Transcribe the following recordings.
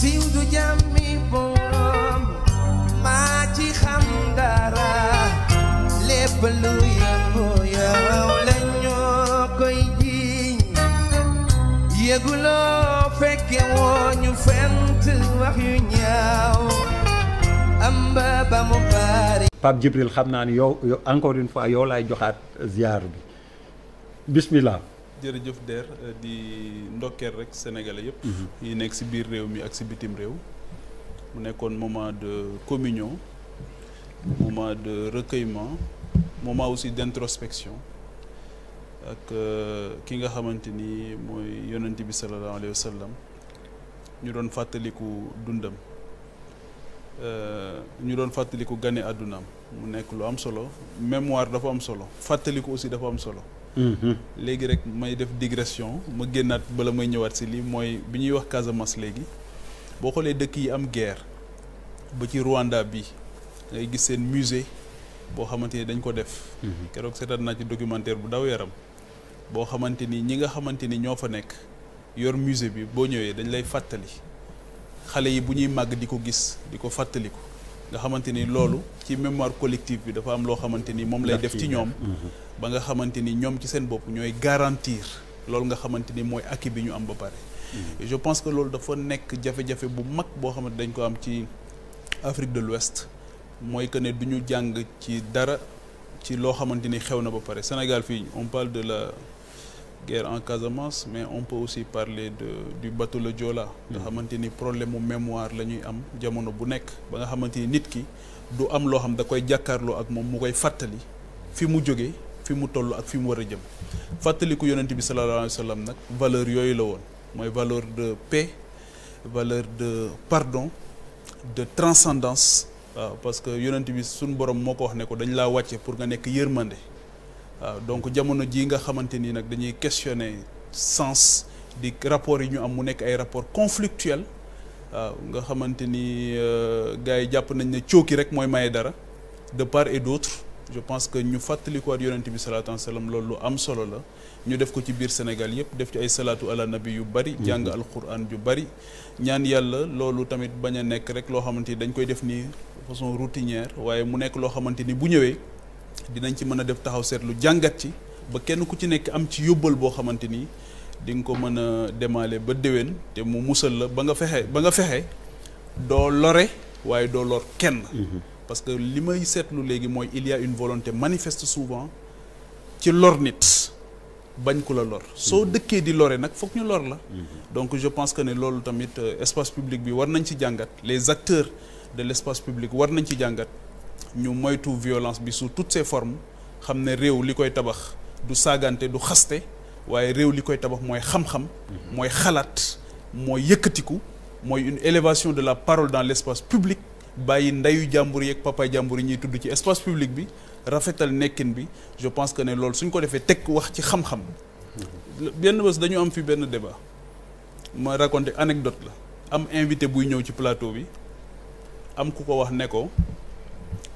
Pap Jibril xamna ni yow encore une fois yow lay joxat ziar bismillah jërëjëf Der euh, di ndokkeel rek sénégalais yëpp. Mhm. yi nekk si biir réew mi ak si bitim réew. mu nekkoon moment de communion moment de recueillement moment aussi d'introspection ak euh, ki nga xamante ni mooy yonent bi sallallahu alayhi wa sallam ñu doon fàttaliku dundam euh, ñu doon fàttaliku gane àddunaam mu nekk lu am solo mémoire dafa am solo fàttaliku aussi dafa am solo. Mm-hmm. léegi rek may def digression ma génnaat bala may ñëwaat si lii mooy bi ñuy wax Casamance léegi boo xoolee dëkk yi am guerre ba ci Rwanda bi ngay gis seen musée boo xamante ni dañ ko def. Mm-hmm. keroog seetaan naa ci documentaire bu daw yaram boo xamante ni ñi nga xamante ni ñoo fa nekk yor musée bi boo ñëwee dañ lay fàttali xale yi bu ñuy màgg di ko gis di ko fàttali ko nga xamante ni loolu ci mémoire collective bi dafa am lo xamante ni moom lay def ci ñom ba nga xamante ni ci seen bop ñoy garantir lolu nga xamante ni mooy acquis bi ñu am ba paré et je pense que loolu dafa nek jafé jafé bu mak bo xamante dañ ko am ci Afrique de l'Ouest moy que ne duñu jang ci dara ci lo xamante ni xew ba paré Sénégal fi on parle de la guerre en Casamance mais on peut aussi parler de du bateau le Joola nga mm. avons ni problème mu mémoire la ñuy am jamono bu Nous ba nga xamante ni nit ki du am lo xam da koy jakarlo ak mom mu koy fatali fi mu jógee fi mu tollu ak fi mu wara a fatali fàttaliku yonent bi sallallahu alayhi wa sallam nak. valeur yoy la won moy valeur de paix valeur de pardon de transcendance parce que yonent bi sun borom moko wax ne ko dañ la wàcce pour nga nek yërmande euh, donc jamono ji nga xamanteni nak dañuy questionner sens di rapport yi ñu am mu nek ay rapport conflictuel euh, nga xamanteni ni euh, japp nañ ne cooki rek moy maye dara de part et d'autre je pense que ñu fàttalikuwaat yonent bi salaatu salaam loolu lu am solo la ñu def ko ci biir Sénégal yépp def ci ay salatu ala nabi yu bari. Mhm. jàng alquran yu bari. ñaan yàlla loolu tamit bañ a nekk rek loo xamante ni dañ koy def ni façon routinière waaye mu nekk loo xamante ni bu ñëwee dinañ ci mën def taxaw setlu jangat ci ba kenn ku ci nek am ci yobbal bo xamanteni ding ko mën démalé ba déwén té mu mussel la ba nga fexé ba nga fexé do loré waaye do lor kenn. Mhm. parce que limay setlu légui moy il y a une volonté manifeste souvent ci lor nit bañ ku la lor. so mhm. dekké di loré nak foog ñu lor la. Mhm. donc je pense que né lolu tamit euh, espace public bi war nañ ci jangat les acteurs de l'espace public war nañ ci jangat ñu la violence sous toutes ses formes xamné avons likoy tabax du saganté du xasté waye likoy tabax xam-xam mhm. une élévation de la parole dans l'espace public ce vu jàmbur yeeg papa jambour yi ñuy espace public bi rafetal nekkin bi je pense que ne lool suñ ko defee tek wax ci xam-xam mhm. benn bés dañu am fi benn débat ma raconter anecdote la am invité bu ñëw ci plateau bi am ku ko wax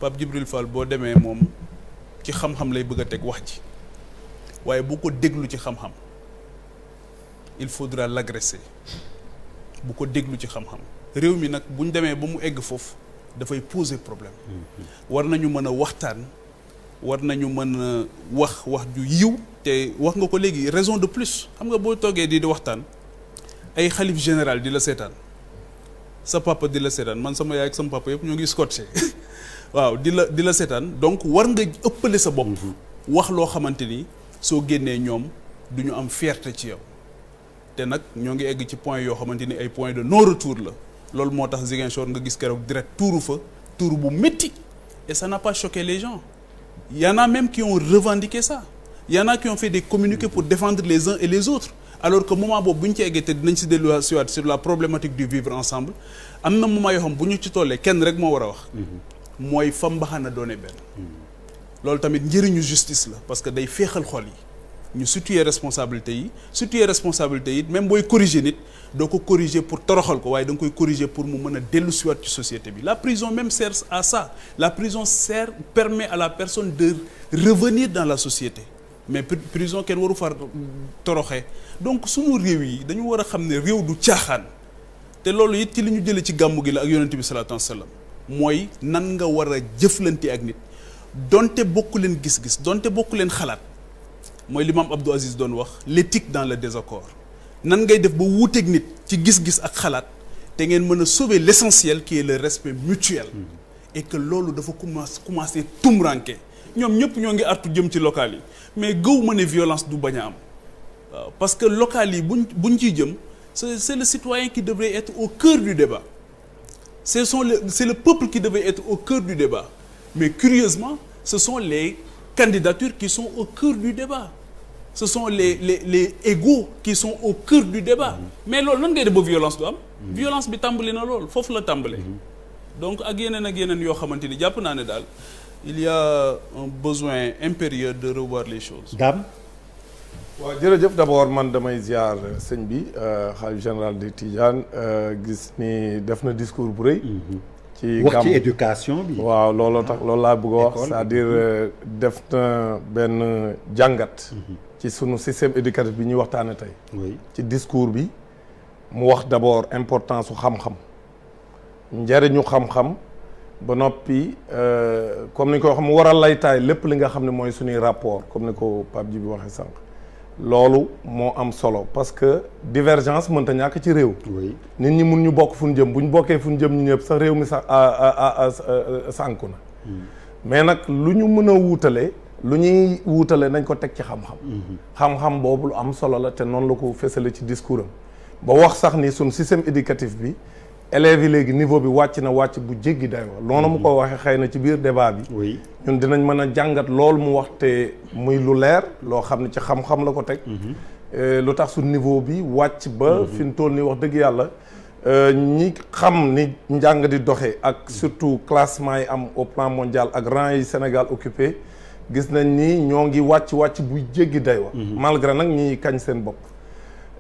Pape Djibril Fall boo demee moom ci xam-xam lay bëgg a teg wax ji waaye bu ko déglu ci xam-xam il faudra l'agresser bu ko déglu ci xam réew mi nag buñ demee ba mu egg foofu dafay poser problème war nañu mën a waxtaan war nañu mën a wax wax ju yiw te wax nga ko léegi raison de plus xam nga boo toogee di di waxtaan ay xalif général di la seetaan sa papa di la seetaan man sama yaay ak sama papa yëpp ñoo ngi scotché waaw di la di la seetaan donc war nga ëppale sa bopp. Mhm. wax loo xamante ni soo génnee ñoom du am fierté ci yow. te nag ñoo ngi egg ci point yoo xamante ni ay point de non retour la loolu moo tax Chor nga gis keroog direct tuuru fa tuuru bu métti et ça n'a pas choqué les gens y en a même qui ont revendiqué ça y en a qui ont fait des communiqués pour défendre les uns et les autres alors que moment boobu bu ñu ci eggee te dinañ si delluwaat sur la problématique du vivre ensemble am na moment yoo xam bu ñu ci tollee kenn rek moo war a wax mhm mooy fa mbaxana donné ben lolou tamit njëriñu justice la parce que day fexal xol yi ñu situer responsabilité yi situer responsabilité yi même boy corriger nit doo ko corriger pour toroxal ko waye dang koy corriger pour mu mën délu ci wat ci société bi la prison même sert à ça la prison sert permet à la personne de revenir dans la société mais prison qu'elle waru far toroxé donc suñu réew yi dañu wara xamné xam réew du tiaxan té lolou it ci li ñu jël ci gàmmu gi la ak yonent bi sallallahu alayhi wasallam moy nan nga wara a ak nit donte bokku len gis-gis donte bokku len xalaat moy l'imam Abdou Aziz don wax l'éthique dans le désaccord nan ngay def ba ak nit ci gis-gis ak xalaat té ngeen mën sauver l'essentiel qui est le respect mutuel et que lolu dafa commencer tout tumranke ñom ñep ñoo ngi artu jëm ci local yi mais gëw ma violence du baña am parce que local yi buñ buñ jëm c'est le citoyen qui devrait être au cœur du débat c'est le, peuple qui devait être au cœur du débat. Mais curieusement, ce sont les candidatures qui sont au cœur du débat. Ce sont les, les, égaux qui sont au cœur du débat. Mais là, non de violence a Violence bi tambalé lol, faut la tambalé. Donc ak yenen ak yenen yo il y a un besoin impérieux de revoir les choses. Dame waaw jërëjëf d'abord man damay ziar sëñ bi euh, xalif général de Tidiane euh, gis ni def na discours bu rëy. Mhm. ci wax ci waaw looloo tax loolu laa bëgg a wax c'est-à-dire mhm. euh, def na benn jàngat. Mhm. ci sunu système éducatif bi ñuy waxtaanee tey. oui ci discours bi mu wax d'abord importance su xam-xam njariñu xam-xam. ba noppi comme ni ko wax mu waral a laytaay lépp li nga xam ne mooy suñuy rapport comme ni ko Pape Djibi waxee sànq loolu moo am solo parce que divergence mënta ñàkk ci réew. nit ñi mun ñu bokk fu jëm bu ñu bokkee fu jëm ñu ñëpp sax réew mi sax sànku na. Hmm. mais nag lu ñu mën a wuutale lu ñuy wuutale nañ ko teg ci xam-xam. Hmm. xam-xam boobu lu am solo la te noonu la ko fësale ci discours am ba wax sax ni suñ système éducatif bi. élèves yi léegi niveau bi wàcc na wàcc bu jéggi dayoo loolu mu ko mm-hmm. waxee xëy na ci biir débat bi oui ñun dinañ mën a jàngat lool mu waxte muy lu leer loo xam ne ci xam-xam la ko teg mm-hmm. euh, lu tax su niveau bi wàcc ba mm-hmm. fi mu toll nii wax dëgg yàlla euh, ñi xam ni njàng di doxe ak surtout classement yi am au plan mondial ak rang yi Sénégal occupé gis nañ ni ñoo ngi wàcc wàcc bu jéggi dayoo malgré nag ñi kañ seen bopp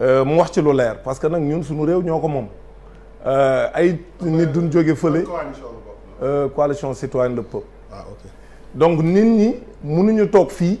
Euh, mu wax ci lu leer parce que nag ñun suñu réew ñoo ko moom euh, ay nit duñ jóge fële coalition euh, citoyenne le peuple ah, donc nit ñi mënuñu toog fii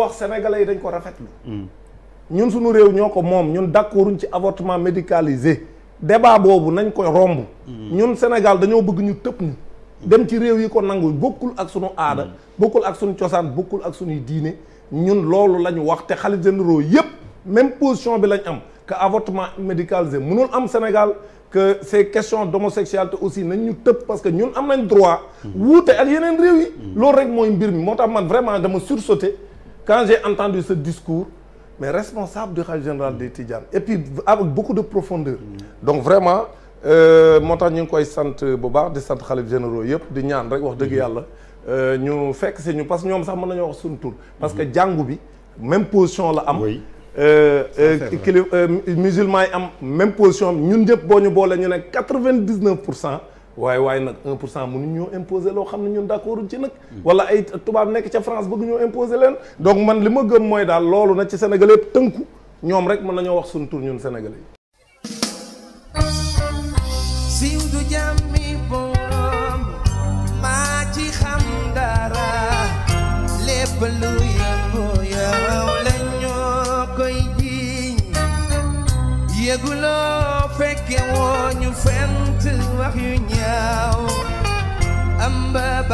wax sénégalais yi dañ ko nous mm. ñun suñu réew ñoo d'accord ñun d'accorduñ ci avortement médicalisé débat boobu nañ koy romb. Mm. ñun Sénégal dañoo bëgg ñu tëb ñu. Mm. dem ci réew yi ko nangul bokul ak sunu aada. bokul ak sunu cosaan bokul ak sunuy diine ñun loolu la wax te xalifa généraux yépp même position bi lañ am que avortement médicalisé mënul am Sénégal que ces questions d'homosexualité aussi nañ ñu tëb parce que ñun am nañ droit. wuute ak yeneen réew yi. loolu rek mooy mbir mi moo tax man vraiment dama sursauter quand j'ai entendu ce discours, mais responsable du Khalif général de et puis avec beaucoup de profondeur. Mm. Donc vraiment, euh, montagne tax boba de koy Sante de généraux di ñaan rek wax que mm-hmm. euh, parce que parce que mm-hmm. même position là, euh, musulman même position nous ñun 99%. waaye waaye nag 1 pour cent mënuñ loo xam ne ñun d'accorduñ ci nag. wala ay tubaab nekk ca France bëgg ñoo imposer leen. donc man li ma gëm mooy daal loolu nag ci sénégalais yëpp tënku ñoom rek mën nañoo wax suñu tur ci xam dara lépp lu yëngu yow la ñoo koy jiiñ yëguloo fekke woo ñu fent wax yu ñëw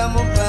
vamos para